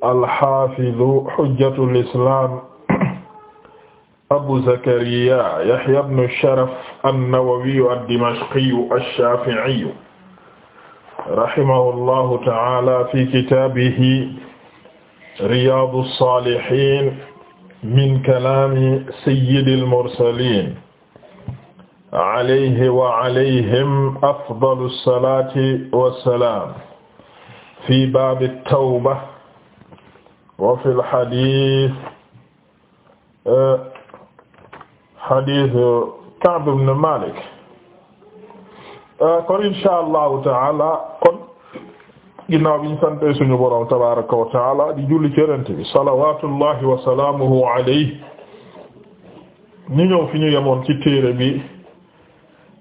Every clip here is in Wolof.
alxafidu xujjatul islam abu zakariya yahya bnu sharaf annawawiyu addimashqiyu alshafiiyu rahimahu llahu taala fi kitaabihi riyaadu saalihiin min kalaami sayyidil mursaliin alayhi wa alayhim afdalu salaati wa salaam fi baabi tawba wa fil xadis xadis e, Ka'b ibn Malik e, kon insha allahu taala kon ginnaaw bi ñu sante suñu borom tabaraka wa di julli ci Yonent bi salawatullahi wa salaamuhu alayhi ñëw fi ñu yemoon ci téere bi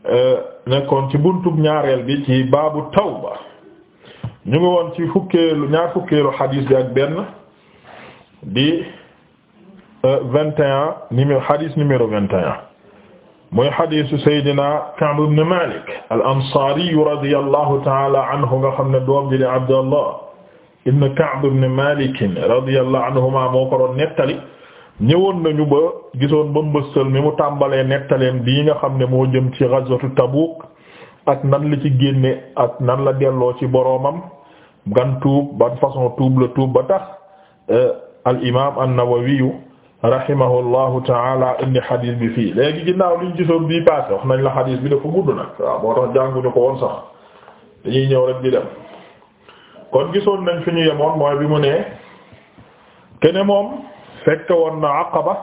e, nekkoon ci buntub ñaareel bi ci baabu tawba ñu ngi woon ci fukkeelu ñaar fukkeelu xadis bi ak benn di euh, vingt et un numéro hadith numéro vingt et un muy hadithu Seydina Ka'b ibn Malik al-Ansari radiyallahu ta'ala anhu nga xam ne doom ji di Abdallah ibn Ka'b ibn Malik radiyallahu anhuma moo ko doon nettali ñëwoon nañu ba gisoon ba mbëstal mi mu tàmbalee nettaleen bii nga xam ne moo jëm ci ghazwatu Tabuk ak nan la ci génne ak nan la delloo ci boroomam gan tuub ban façon tuub la tuub ba tax euh, al imaam an-Nawawi rahimahullahu taala indi xadis bi fii léegi ginnaaw liñ gisoon bii passé wax nañ la xadis bi dafa gudd nag waaw moo tax jànguñu ko woon sax dañuy ñëw rek di dem kon gisoon nañ fi ñu yemoon mooy bi mu nee kene moom fekke woon na Aqaba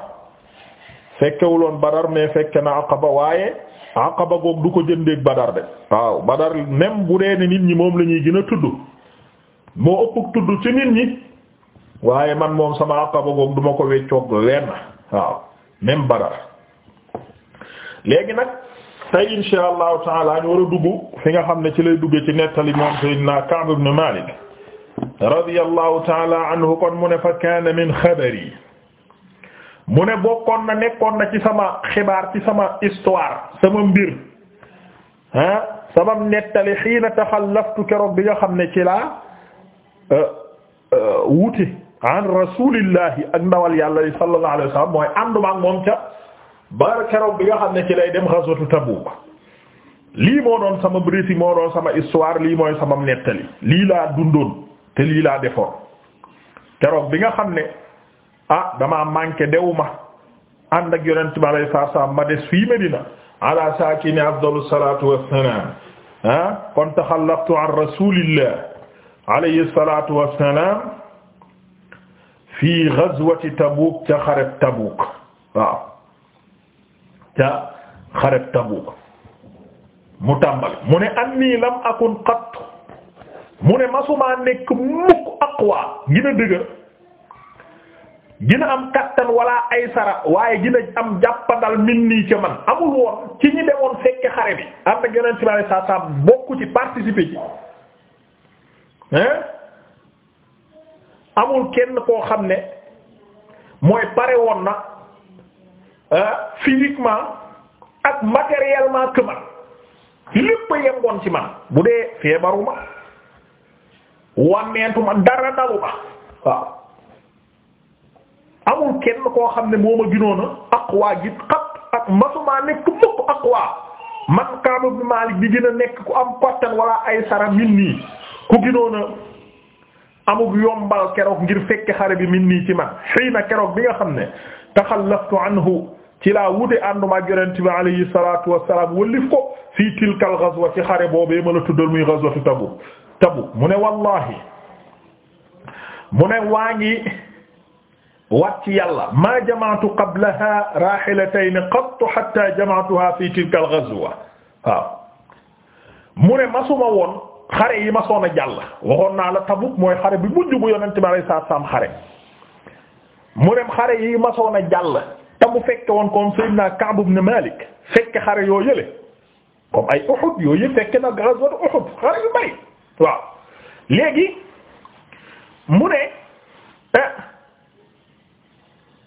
fekkewuloon Badar mais fekke na Aqaba waaye Aqaba goog du ko jëndeeg Badar de waaw Badar même bu dee ne nit ñi moom lañuy gën a tudd moo ëpp tudd ci nit ñi waaye man moom sama Aqaba goog duma ko weccoog lenn waaw même Badar léegi nag tey insha allahu taala ñu war a dugg fi nga xam ne ci lay dugge ci nettali moom sayyidina Ka'b ibn Malik radiyallahu taala anhu kon mu ne fa kaana min xabari mu ne bokkoon na nekkoon na ci sama xibaar ci sama histoire sama mbir ah sama nettali xiina taxallaftu keroog bi nga xam ne ci laa euh, euh, wuti an rasulillahi ak ndawal yàlla li sallallahu alayhi mooy ànduma ak moom ca ba nga xam ne ci lay dem ghazwatu Tabuk lii moo doon sama récit moo doon sama histoire lii mooy sama nettali lii laa dundoon te lii laa defoon keroog bi nga xam ne ah damaa manqué dewuma ànd ak yonent bi alayhi salaam ma des fii Medina ala saakini afdalu salaatu wassalaam ah, kon taxallaqtu an rasulillah alayhi salaatu wassalaam fii ghazwati Tabuk ca xareb Tabuk waaw ca xareb Tabuk mu tàmbali mu ne anni lam akun qat mu ne masuma nekk mukk aqwa gën a dëgër gën a am kattan wala aysara waaye gën a am jàppandal min nii ca man amul woon ci ñi demoon fekke xare bi am na geneen ci bari saa saa bokku ci participer ci hein amul kenn koo xam ne mooy pare woon na euh, physiquement ak matériellement que man lépp yemboon ci man bu dee feebaruma wànneentuma dara daluma waaw amul kenn koo xam ne moo ma ginoona aqwa gi xat ak masumaa nekk mukk aqwa man Kaab Maalik bi gën a nekk ku am kottan wala ay sara min nii ku ginoona amug yombal keroog ngir fekke xare bi min nii ci man xiina keroog bi nga xam ne taxallaftu anhu ci laa wute ànduma ak yonent bi alayhi salaatu wassalaam wëllif ko fii tilkal ghazwa ci xare boobee ma la tuddal muy ghazwatu Tabuk Tabuk mu ne wallahi mu ne waa ngi wat ci yàlla maa jamaatu qablaha raahilatayn qattu hatta jamaatuha fii tilkal ghazwa waaw mu ne masuma woon xare yi ma a jàll waxoon naa la Tabuk mooy xare bi mujj bu yonent bi alayhi salaam xare mu dem xare yi ma a jàll te mu fekke woon comme Sayyidina Ka'b ibn Malik fekke xare yoo yële comme ay Uhud yoo yële fekke na ghazwat Uhud xare yu bari waaw léegi mu ne eh,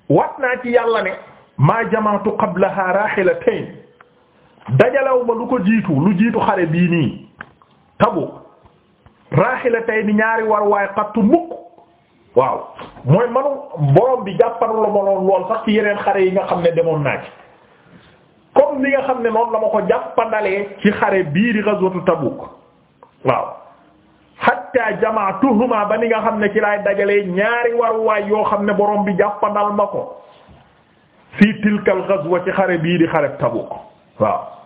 wat naa ci yàlla ne maa jamaatu qablaha rahilatayn dajalaw lu ko jiitu lu jiitu xare bii nii Tabuk raaxilatayni ñaari war waaye xattu mukk waaw mooy manu borom bi jàppandu la ma loon lool sax yeneen xare yi xam ne demoon naa ci comme ni xam ne noonu la ma ko jàppandalee ci xare bii di ghazwatu Tabuk waaw hatta jamaatuhuma ba ni nga xam ne ci dajalee ñaari war yoo xam ne borom bi jàppandal ma ko fii tilkal ghazwa ci xare bii di xare Tabuk waaw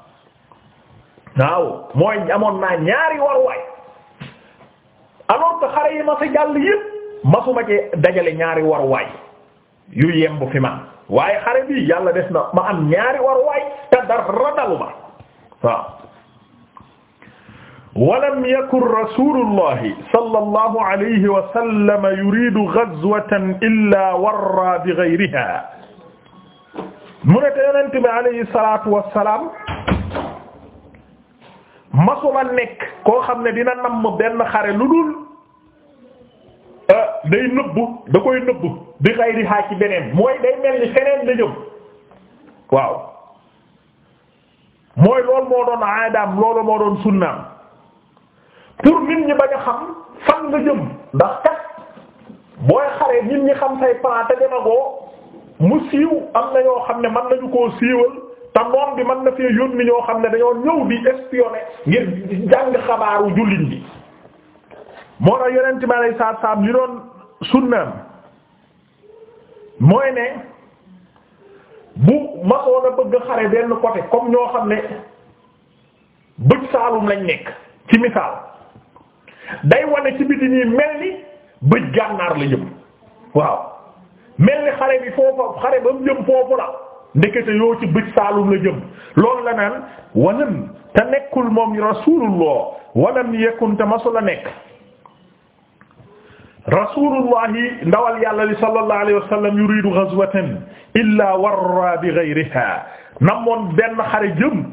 waaw mooy amoon naa ñaari waruwaay alors que xare yi ma fi jàll yépp masuma ci dajale ñaari waruwaay yu yemb fi ma waaye xare bi yàlla def na ma ñaari waruwaay te dara dalu ma waaw walam yakun rasulullahi sallallahu alayhi wa sallam yuridu ghazwatan illa warra bi ghayriha masula nekk koo xam ne dina namm benn xare lu dul euh, day nëbbu da koy nëbbu di xay di ci beneen mooy day mel ni feneen la jëm waaw mooy loolu moo doon aadaam loolu moo doon sunnaam pour nit ñi bañ a xam fan nga jëm ndax kat booy xare nit ñi xam say plan te demagoo mu siiw am na yoo xam ne mën nañu koo siiwal te noon bi mën na fee yónni ñoo xam ne dañoo ñëw di espionné ngir jàng xabaaru jullit bi moo tax yonent ma alayhi salaatu salaam li doon sunnaam mooy ne bu masoon a bëgg xare benn côté comme ñoo xam ne bëj saalum lañ nekk ci misaal day wane ci biti nii mel ni bëj gànnaar la jëm waaw mel ni xare bi foofa xare ba jëm foofu la ndekete yoo ci bëj saalum la jëm loolu la naan walam te nekkul moom rasulullah walam yakun te masu a nekk rasulullahi ndawal yàlla li sallallahu alayhi wa sallam illa warra bi ghayriha namoon benn xare jëm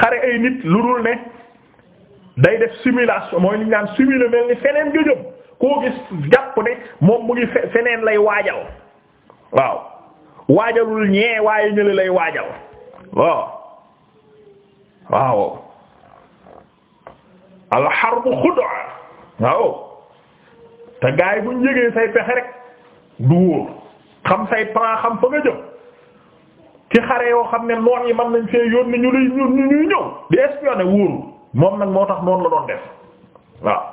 xare ay nit lu dul ne day def simulation mooy li ñu naan simuler mel ni feneen jojëm koo gis jàpp ne moom mu ngi feneen lay waajal waaw waajalul ñee waaye ñële lay waajal waaw waaw alxarbu xud'a waaw te gaay bu ñu yëgee say pexe rek du wóor xam say plan xam fa nga jëm ci xare yoo xam ne noon yi man nañ fee yoon ni ñu lay ñu ñuy ñëw di espionner wóorul moom nag moo tax noonu la doon def waaw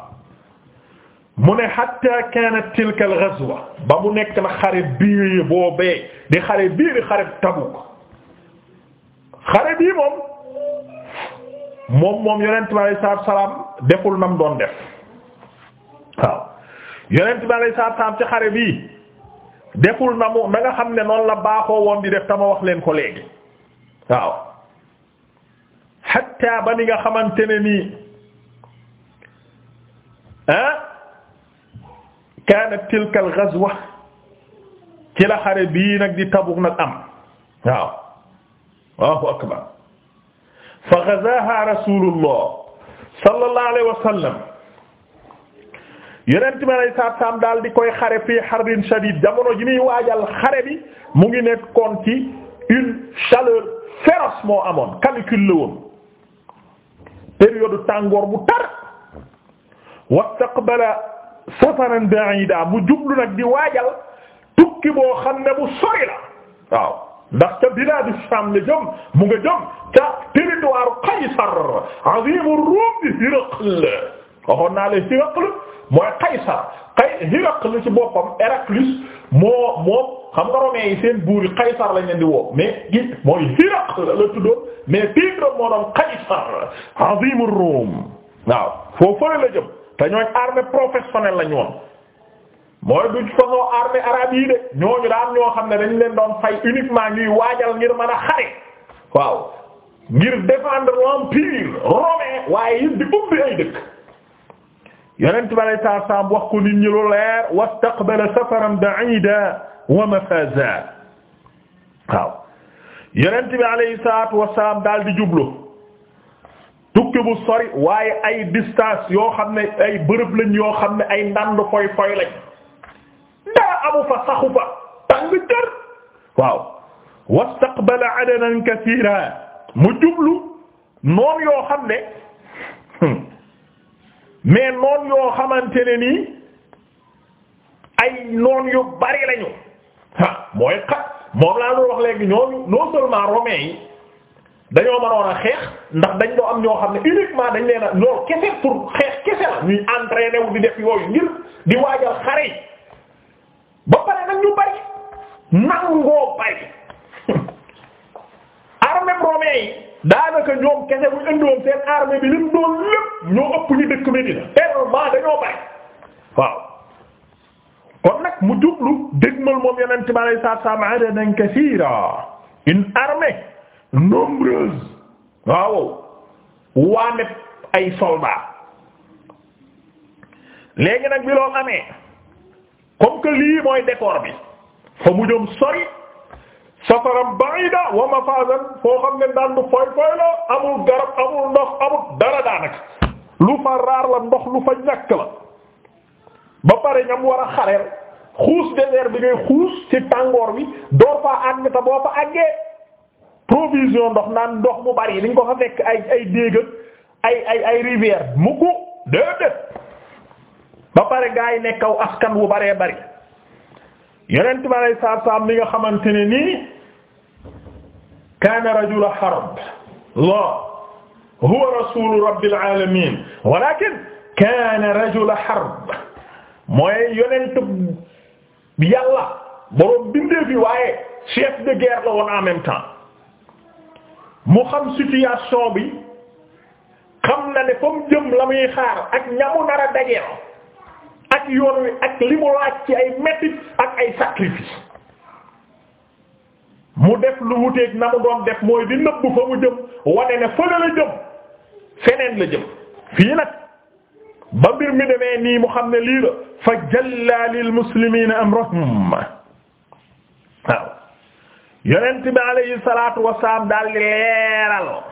mu ne hatta kanat tilka al ghazwa ba mu nekk na xare bii boobee di xare bii di xare Tabuk xare bii moom moom moom yonent bi alayhi salaatu salaam deful nam doon def waaw yonent bi alayhi salaatu salaam ci xare bii deful na mu na nga xam ne noonu la baaxoo woon di def tama wax leen ko léegi waaw hatta ba ni nga xamante ne nii ah kaanat tilka al ghazwa ci la xare bii nag di Tabuk nag am waaw Allahu akbar fa ghazaha rasulullah sallallahu alayhi wa sallam yonent bi alayhi salaatu salaam daal di koy xare fii harbin shadid jamono ji muy waajal xare bi mu ngi nekkoon ci une chaleur féroce moo amoon canicule la woon période tàngoor bu tar wastaqbala safaran ba'ida mu jublu nag di waajal tukki boo xam ne bu sori la ndax ca bilaadu Sham la jëm mu nga jëm ca territoire Qaysar azimu Rum di naa leen Hiraql mooy Qaysar Qay Hiraql ci boppam Héraclus moo moom xam nga Romains seen buuri Qaysar lañ leen di woo mais gi mooy Hiraql la tuddoon mais moo doon Qaysar azimu Rum waaw foofu te ñooñ armée professionnelle la ñu woon mooy duñ façon armée arabe yi de ñooñu daan ñoo xam ne dañ leen doon fay uniquement ñuy waajal ngir mën a xare waaw ngir défendre l'empire romain waaye it di ubbi ay dëkk yonent bi alay saa wax ko nit ñi lu leer wastaqbala safaran ba'ida wa mafaza waaw yonent bi daal di jublu tukki bu sori waaye ay distance yoo xam ne ay bërëb lañ yoo xam ne ay ndand foy foy lañ dara amu fa saxu fa tàng jër waaw wastaqbala adadan kasiira mu jublu noon yoo xam ne hmm, mais noon yoo xamante ne nii ay noon yu bari lañu ah mooy xat moom laa doon wax léegi ñooñu non seulement romains dañoo mënoon xeex ndax dañ doo am ñoo xam ne uniquement dañ leen a lool kese pour xeex kese ñuy entraîné di def yooyu ngir di waajal xare yi ba pare nag ñu bari nangoo bari armée romaine yi daanaka ñoom kese bu ñu seen armée bi lim doon lépp ñoo ëpp ñu dëkk Medina tellement dañoo nag mu jublu dégmal moom yeneen tubaab yi saa saa ma nombreuses waaw waane ay soldats léegi nag bi loolu amee comme que lii mooy décor bi fa mu jëm sori safaram ba'ida wa mafazan foo xam ne daan foy foy la amul garab amul ndox amul dara daanaka lu fa raar la ndox lu fa ñàkk la ba pare ñam war a xareel xuus désert bi ngay xuus ci tàngoor bi door fa àgg te boo fa àggee provision ndox naan ndox mu bari niñ ko fa fekk ay ay déeg ay ay ay ba pare gaa yi nekkaw askan wu baree bari yeneen tubaab ay saabsaab mi nga xamante ne nii kaana rajula harb la huwa rasulu rabbil alamin walakin kaana rajula harb mooy yonentu bi borom bindee fi waaye chef de guerre la même temps. mu xam situation bi xam na ne fa mu jëm la muy xaar ak ñamu nar a dajeel ak yoon wi ak li mu laaj ci ay mettit ak ay sacrifice mu def lu wuteeg na mu doon def mooy di nëbb fa mu jëm wane ne fële la jëm feneen la jëm fii nag ba mbir mi demee nii mu xam ne lii la fa jalla lil muslimiina amrahum yonent bi alayhi salaatu wasalaam daal di leeral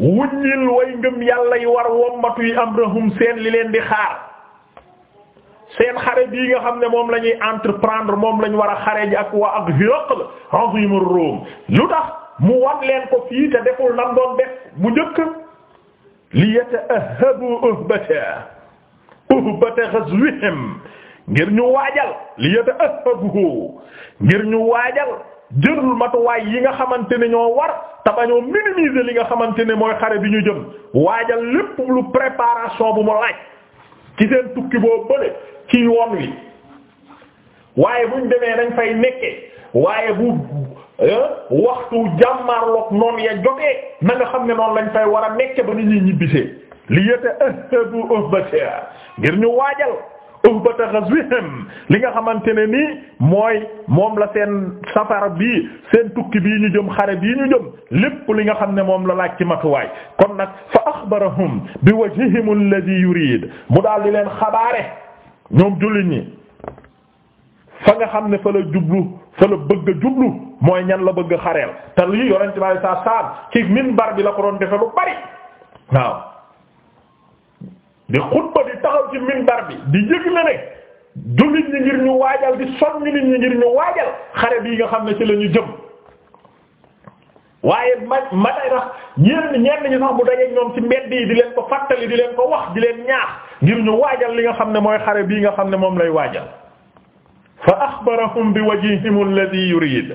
wuññil way ngëm yàlla yi war wommatu yi amrahum seen li leen di xaar seen xare bii nga xam ne moom lañuy ñuy entreprendre moom la war a xare ji ak waa ak Hiraql azimur lu tax mu wan leen ko fii te deful nam doon def bu njëkk li yata'ahhabu uhbata uhbata ghazwihim ngir ñu waajal li yata ashabuhu ngir ñu waajal jërul matuwaay yi nga xamante ne ñoo war te bañoo minimiser li nga xamante ne mooy xare bi ñu jëm waajal lépp lu préparation bu mu laaj ci seen tukki boo bële ci yoon wi waaye buñ demee nañ fay nekke waaye bu waxtu jàmmarloog noonu ya jotee na xam ne noonu lañ fay war a nekke ba ni ñuy ñibbisee li yata ashabu ngir ñu waajal ba uhbata ghazwihim li nga xamante ne nii mooy moom la seen safara bi seen tukki bii ñu jëm xare bii ñu jëm lépp li nga xam ne moom la laaj ci matuwaay kon nag fa akhbarahum bi wajhihim alladhi yurid mu daal di leen xabaare ñoom jullit ñi fa nga xam ne fa la jublu fa la bëgg a jublu mooy ñan la bëgg a xareel te lii yonent bi sallallahu alayhi wasallam ci bi la ko doon defe lu bari waaw di xutba di taxaw ci minbar bi di yëgle ne jullit ñi ngir ñu waajal di soññ nit ñi ngir ñu waajal xare bii nga xam ne ci la ñu jëm waaye ma ma day tax ñenn ñenn ñi sax bu dajeek ñoom ci mbedd yi di leen ko fàttali di leen ko wax di leen ñaax ngir ñu waajal li nga xam ne mooy xare bii nga xam ne moom lay waajal fa axbarahum bi wajhihim alladhi yurid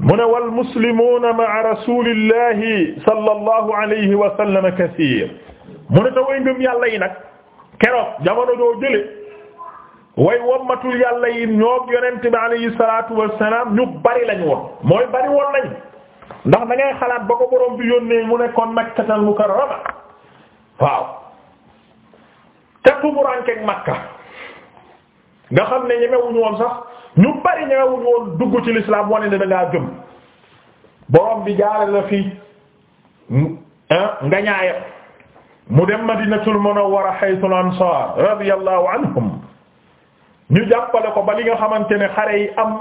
mu ne wal muslimuna ma'a rasulillahi sallallahu alayhi wa sallam kaseer mu ne te way ngëm yàlla yi nag keroog jamono doo jële way wommatul yàlla yi ñoo yonent bi alayhi salaatu wassalaam ñu bari lañ woon mooy bari woon lañ ndax da ngay xalaat ba ko borom bi yónnee mu nekkoon makkatal mukarrama waaw te tumuraankeek makka nga xam ne ñemewuñu woon sax ñu bari ñemewuñu woon dugg ci lislaam wane ne da ngaa gëm borom bi jaare la fii ah, nga ñaayam mu dem madinatul munawwara haythul ansar radiyallahu anhum ñu jàppale ko ba li nga xamante ne xare yi am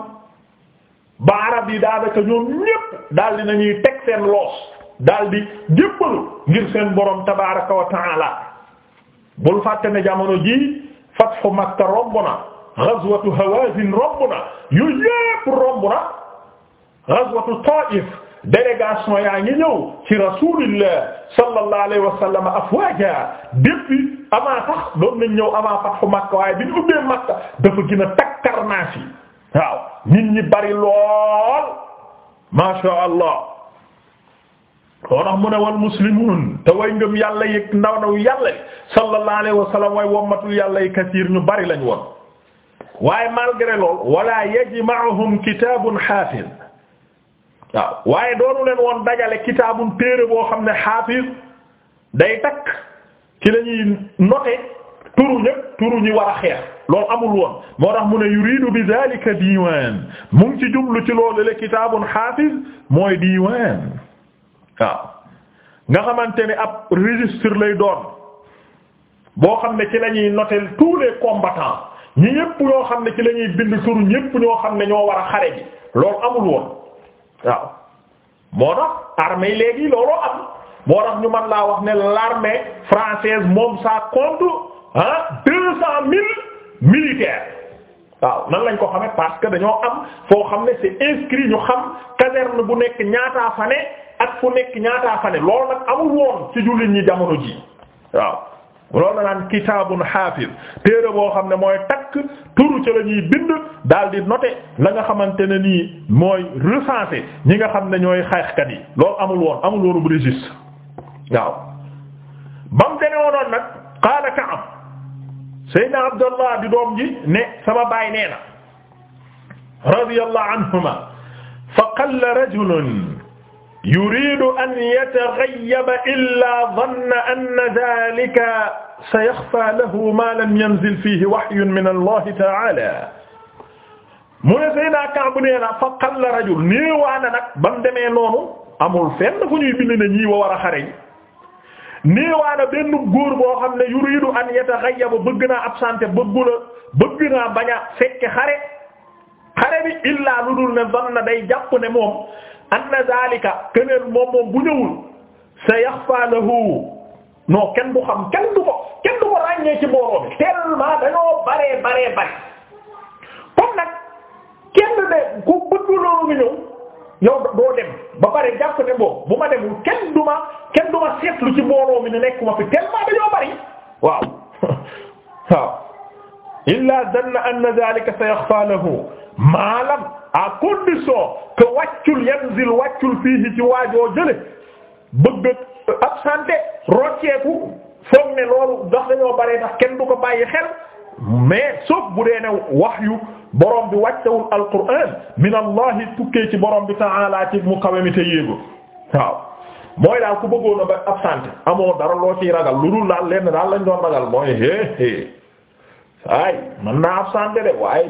ba arab yi daanaka ñoom ñépp daal di nañuy teg seen loos daal di jéppalu ngir seen borom tabaraka wa taala bul fàtte ne jamono ji fathu makka romb na ghazwatu hawazin romb na yooyu yépp romb na ghazwatu ta'if délégation yaa ngi ñëw ci rasulillah sallallahu alayhi wa sallam afwaja depuis avant sax doon nañ ñëw avant fathu Makka waaye bi ñu ubbee Makka dafa gën a takkar naa si waaw nit ñi bari lool ma sha Allah loo tax mu ne wal muslimun te way ngëm yàlla yëg ndaw ndaw yàlla sallallahu alayhi wa sallam way wommatul yàlla yi kasiir ñu bari lañ woon waaye malgré lool wala yajma'uhum kitabun hafiz waaw waaye doonu leen woon dajale kitaabun téere boo xam ne xaafis day takk ci la ñuy noter turu ñëpp turu ñi xeex loolu amul woon moo tax mu ne yuridu bi zalika diiwaan mu ngi ci jublu ci loolu le kitaabun xaafis mooy diiwaan waaw nga xamante ni ab registre lay doon boo xam ne ci la ñuy noter tous les combattants ñi ñëpp ñoo xam ne ci la bind turu ñëpp ñoo xam ne ñoo war xare ji loolu amul woon. waaw moo tax armée léegi looloo am moo tax ñu mën laa wax ne l'armée française moom ça compte ah deux cent lañ ko xamee parce dañoo am foo xam ne c'est inscrit ñu xam caserne bu nekk ñaataa fane ak fu nekk ñaataa fane loolu nag amul woon ci jullit ñi jamono ji waaw loolu la naan kitaabun xaafis téere boo xam ne mooy takk turu ca la ñuy bind daal di noter la nga xamante ne nii mooy recenser yi nga xam ne ñooy xeexkat yi loolu amul woon amul woonu bu registre waaw ba mu demee woon nag qaala Ka'b Seydina Abdallah di doom ji ne sama baay nee na radiyallahu anhuma fa qalla rajulun yuridu an yataghayyaba illa dhanna anna dhalika sayakhfa lahu ma lam yanzil fihi wahyun min Allah ta'ala mu ne Seydina Kaab nee na fa qalla rajul néewaana nag ba mu demee noonu amul fenn fu ñuy bind ne ñii wa war a xareñ néewaana benn góor boo xam ne yuridu an yataghayyaba bëgg naa absenté bëggu la bëgg naa bañ a fekke xare xare bi illaa lu dul ne dhanna day jàpp ne moom. anna zalika keneen moom moom bu ñëwul sa yaxfa lahu kenn du xam kenn du ko kenn du ci mbooloo bi tellement dañoo baree baree bare comme nag kenn de ku bëgg loolu nga ñëw yow doo ba pare jàpp ne boobu bu ma demul kenn du ma kenn du ma ci mbooloo mi ne nekk ma fi tellement dañoo bari waaw waaw illa danna anna zalika sa yaxfa lahu maalam à condition que wàccul yanzil wàccul fii ci waajoo jële bëgg absenté rocceeku foog ne loolu ndax dañoo bare ndax kenn du ko bàyyi xel mais sauf bu dee ne wax yu borom bi wàccewul alquran min allah tukkee ci borom bi ta'ala ci mu kawe mi te yéegul mooy daal ku bëggoon a ba absenté amoo dara loo ciy ragal lu dul daal lenn daal lañ doon ragal mooy hé hé ay mën naa absenté de waaye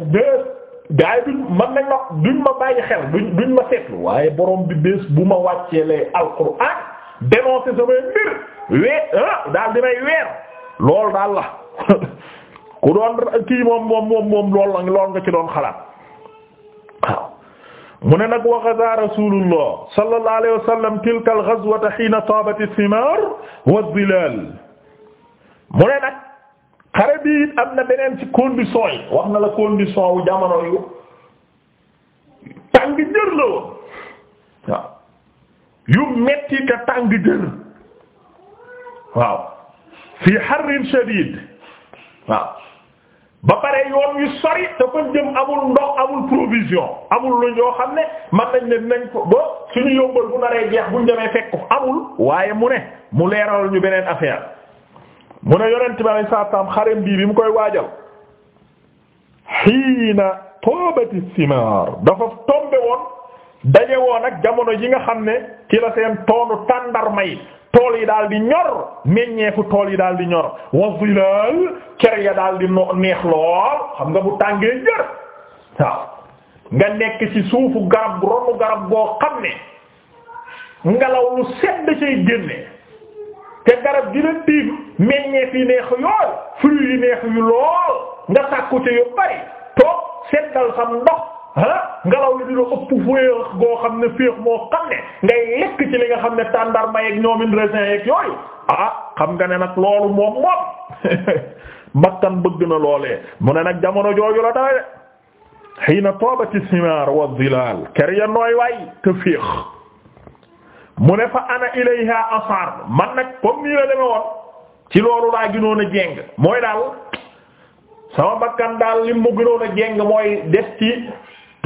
gars yi duñ man nañ ma ma bàyyi xel duñ duñ ma seetlu waaye borom bi bés bu ma wàcceelee alquran dénoncé samay mbir we ah daal dinay weer loolu daal la ku doon kii moom moom moom moom la lool nga ci doon xalaat mu ne nag waxaza rasulullah sallallahu alayhi wa sallam tilka al ghazwata hina tabat as-simar wa az-zilal mu ne nag xare bi it am na beneen ci condition yi wax na la condition wu jamono yu tàng jër la woon yu metti te tàng jër waaw fii harrin shadid waaw ba pare yoon yu sori te fa jëm amul ndox amul provision amul lu ñoo xam ne man nañ ne nañ ko ba suñu yombal bu naree jeex buñ demee fekk ko amul waaye mu ne mu leeral ñu beneen affaire mu ne yonent bi alayhi salaam xarem bii bi mu koy waajal xiina toobati simaar dafa tombe woon daje woon ak jamono yi nga xam ne ci la seen toonu tàndarma yi tool yi daal di ñor meññeefu tool yi daal di ñor wa zilaal ker ya daal di no neex lool xam nga bu tàngee njër waaw nga nekk ci suufu garab ronu garab goo xam ne ngelaw lu sedd cay génne te garab gi la tiim meññeef yi neex yool fruit yi neex yu lool nga sàkku ci yu bari toog seddal sam ndox ah ngelaw li dina ëpp féex goo xam ne féex moo xam ne ngay lekk ci li nga xam ne tàndarma yeeg ñoomin raisin yeeg yooyu ah xam nga ne nag loolu moom moom bakkan bëgg na loole mu ne nag jamono jooju la dawe xiina toobati simaar wa zilaal ker ya nooy waay te féex mu ne fa ana ilayha asar man nag comme nii la deme ci loolu laa gënoon a jéng mooy daal sama bakkan daal lim mu gënoon a jéng mooy def ci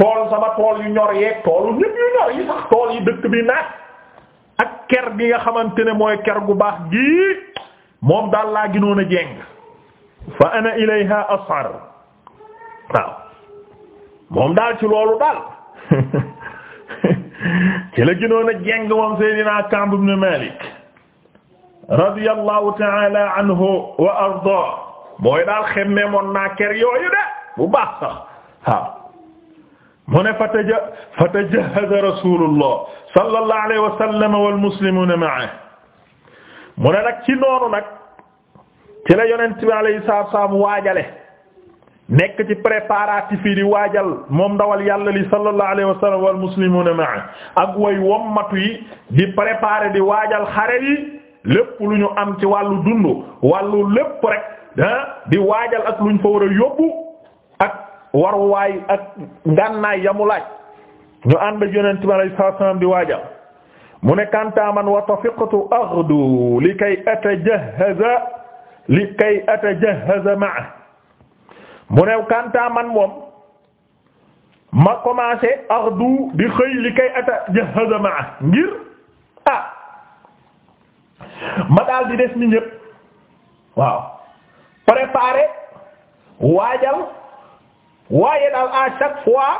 tool sama tool yu ñor yeeg toolu ñëpp yu ñor yi sax tool yi dëkk bi naat ak ker bi nga xamante ne mooy ker gu baax gii moom daal laa gënoon a jéng fa ana ilayha asar waaw moom daal ci loolu daal ci la gënoon a jeng moom Seydina Ka'b ibn Malik radiyallahu ta'ala anhu wa arda mooy daal xemme moon naa ker yooyu de bu baax sax waaw mu ne fataja fatajahhaza rasulullah sallallahu alayhi wa sallam wal muslimuna ma'ahu mu ne nag ci noonu nag ci la yonent bi alayhi salaatu wa salaam waajale nekk ci préparatif yi di waajal moom ndawal yàlla li sallallahu alayhi wa sallam wal muslimuna ma'a ak way wommatu yi di préparer di waajal xare yi lépp lu ñu am ci wàllu dund wàllu lépp rek ah di waajal ak luñ fa war a yóbbu ak waruwaay ak ngànnaay yamu laaj ñu ànd ak yonent bi alayhi salaam di waajal mu ne kanta man wa tafiqtu li kay atajahaza li kay atajahaza ma'a mu new kanta man moom ma commencé ardu di xëy li kay ata jahaza ngir ah ma daal di des ni ñépp waaw préparer waajal waaye daal à chaque fois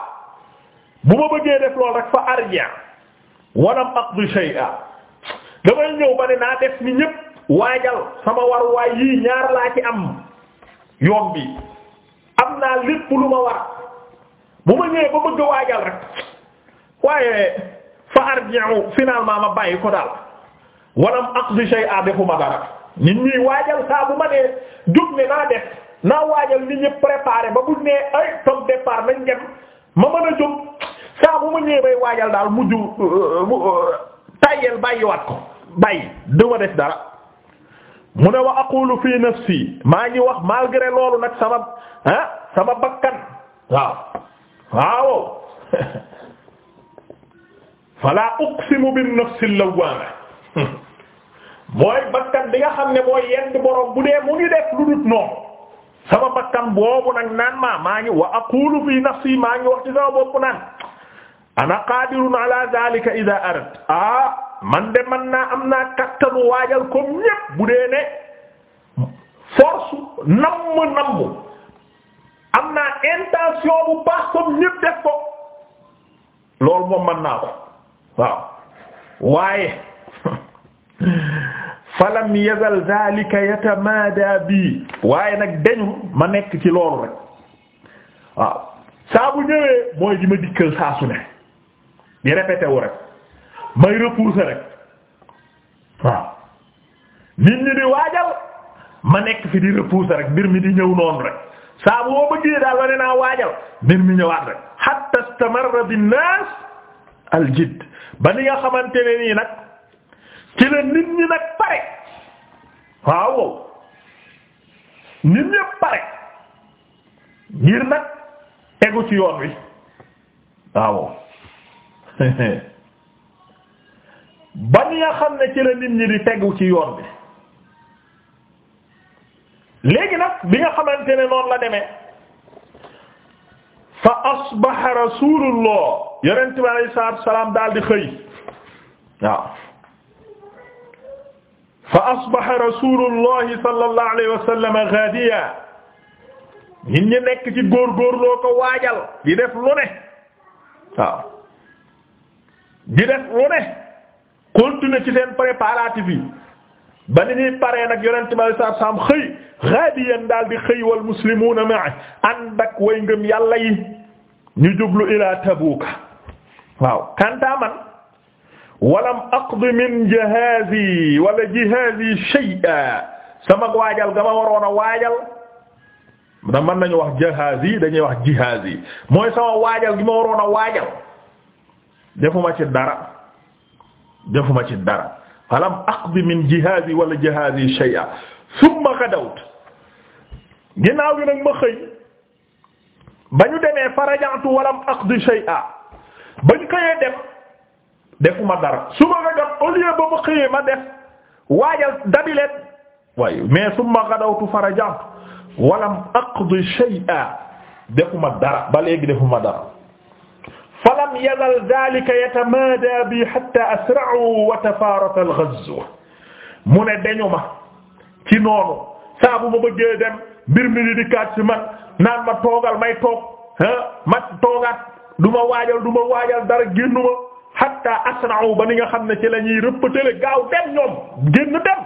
bu ma bëggee def lool rek fa arja wanam aqdi shay'a damay ñëw ba ne naa def ni ñépp waajal sama war waay yii ñaar laa ci am yoon bi xam naa lépp lu ma war bu ma ñëwee ba bëgg rek waaye fa arji'u finalement ma bàyyi ko daal walam aqdi shay'a defuma dara nit ñi ma nee naa def naa waajal nit ñi préparé ba bu ma mën a jóg saa bu ma ñëwee bay waajal daal mujj euh, tayel bàyyiwaat ko bàyyi duma def dara mu ne wa aqulu fi nafsi maa ngi wax malgré loolu nag sama ah sama bakkan waaw waaw fala uqsimu bin nafsil lawwama mooy bakkan bi nga xam ne mooy yend borom bu dee mu ngi def lu bakkan boobu nag naan ma maa ngi wa aqulu fi nafsi maa ngi wax ci sama bopp ana qadirun ala zalika idha arad ah man de man naa am naa kattanu waajal comme ñépp ne force namm namm am naa intention bu baax comme ñépp def ko loolu moom mën naa ko waaw waaye falam yazal zalika yatamada waaye nag dañu ma nekk ci loolu rek waaw saa bu ñëwee mooy di ma dikkal saa ne di répété rek may repousser rek waaw nit ñi di waajal ma nekk fi di repousser rek mbir mi di ñëw noonu rek saa bu ma bëggee daal naa waajal mbir mi ñëwaat rek hatta istamarra binnaas al jidd ba ni nga xamante ne nii nag ci la nit ñi nag pare waaw nit ñëpp pare ngir nag tegu ci yoon wi waaw ba ni nga xam ne ci la nit ñi di tegu ci yoon bi léegi nag bi nga xamante ne noonu la demee fa asbaha rasulullah yonent bi alayhi salaatu wa salaam daal di xëy waaw fa asbaha rasulullahi sallallahu alayhi wa sallam ghadiya nit nekk ci góorgóorloo ko waajal di def lu ne waaw di ci seen préparatifs yi ba ni ñuy paree nag yonent bi alayhi salaatu salaam xëy ghadiyan daal di xëy wal muslimuuna ma'a ànd ak way ngëm yàlla yi jublu ila Tabuuka waaw kanta walam aqdi min jihaazi wala jihaazi shay'a sama waajal gama waroon a waajal da mën nañu wax jihaazi dañuy wax jihaazi mooy sama waajal gi ma waroon a waajal defuma ci dara defuma ci dara falam aqdi min jihaadi wala jihaadi shay'a summa gadawt ginnaaw gi nag ma xëy ba ñu demee farajantu walam aqdi shay'a ba ñu xëyee dem defuma dara su ma gadawt au lieu ba ma xëyee ma def waajal dabilet waaye mais summa gadawtu farajantu walam aqdi shay'a defuma dara ba léegi defuma dara. falam yazal daalika yatamaada bi hatta asra'u wa tafaarata al-ghazw mu ne dañu ma ci noonu saa bu ma bëggee dem mbir mi di dikkaat ci man naan ma toogal may toog ah ma toogaat du ma waajal du ma waajal dara génnu ma hatta asra'u ba ni nga xam ne ci la ñuy rëppatale gaaw dem ñoom génn dem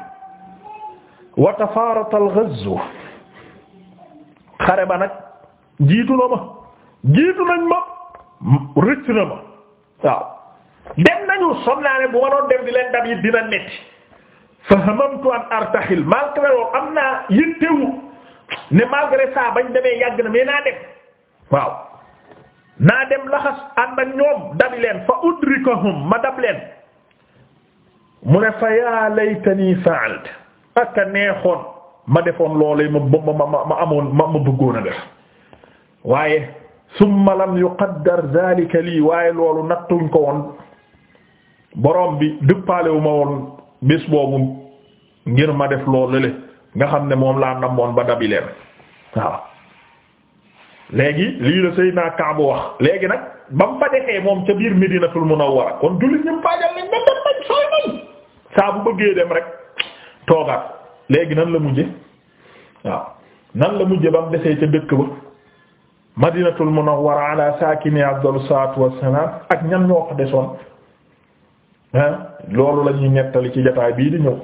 wa tafaarata al-ghazw xare ba nag jiitu na ma jiitu nañ ma. rëcc na ma dem nañu som naa ne bu ma doon dem di leen dab yi dina metti fa hamamtu an artahil malgré loolu am naa yittewu ne malgré ça bañ demee yàgg na mais naa dem waaw dem laxas ànd ak ñoom dabi leen fa udrikahum ma dab mu ne fa yaa laytani fa'alt ak a neexoon ma defoon loolee ma ma ma a def waaye summa lam yuqaddar dhalika lii waaye loolu nattuñ ko woon boroom bi dëppaalewu ma woon bés boobu ngir ma def loolu le nga xam ne moom laa namoon ba dabi leen waaw léegi lii la Seydina Kaabu wax léegi nag ba mu fa defee moom ca biir Medinatul Munawwara kon jullit a faajal lañ ba dem nañ sooy nañ saa bu bëggee léegi nan la mujje waaw la ba mu desee ca dëkk ba madinatul munawwara ala saakini afdalu salaatu wassalaam ak ñan ñoo ko desoon ah loolu la ñuy nettali ci jotaay bii di ñëw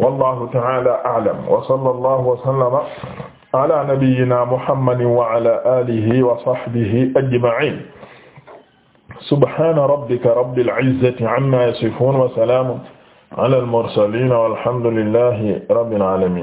wallahu ta'ala a'lam wa sallallahu wa sallama ala nabiyyina muhammadin wa ala alihi wa sahbihi ajma'in subhana rabbika rabbil izzati amma yasifun wa salamun ala al mursalin walhamdulillahi rabbil alamin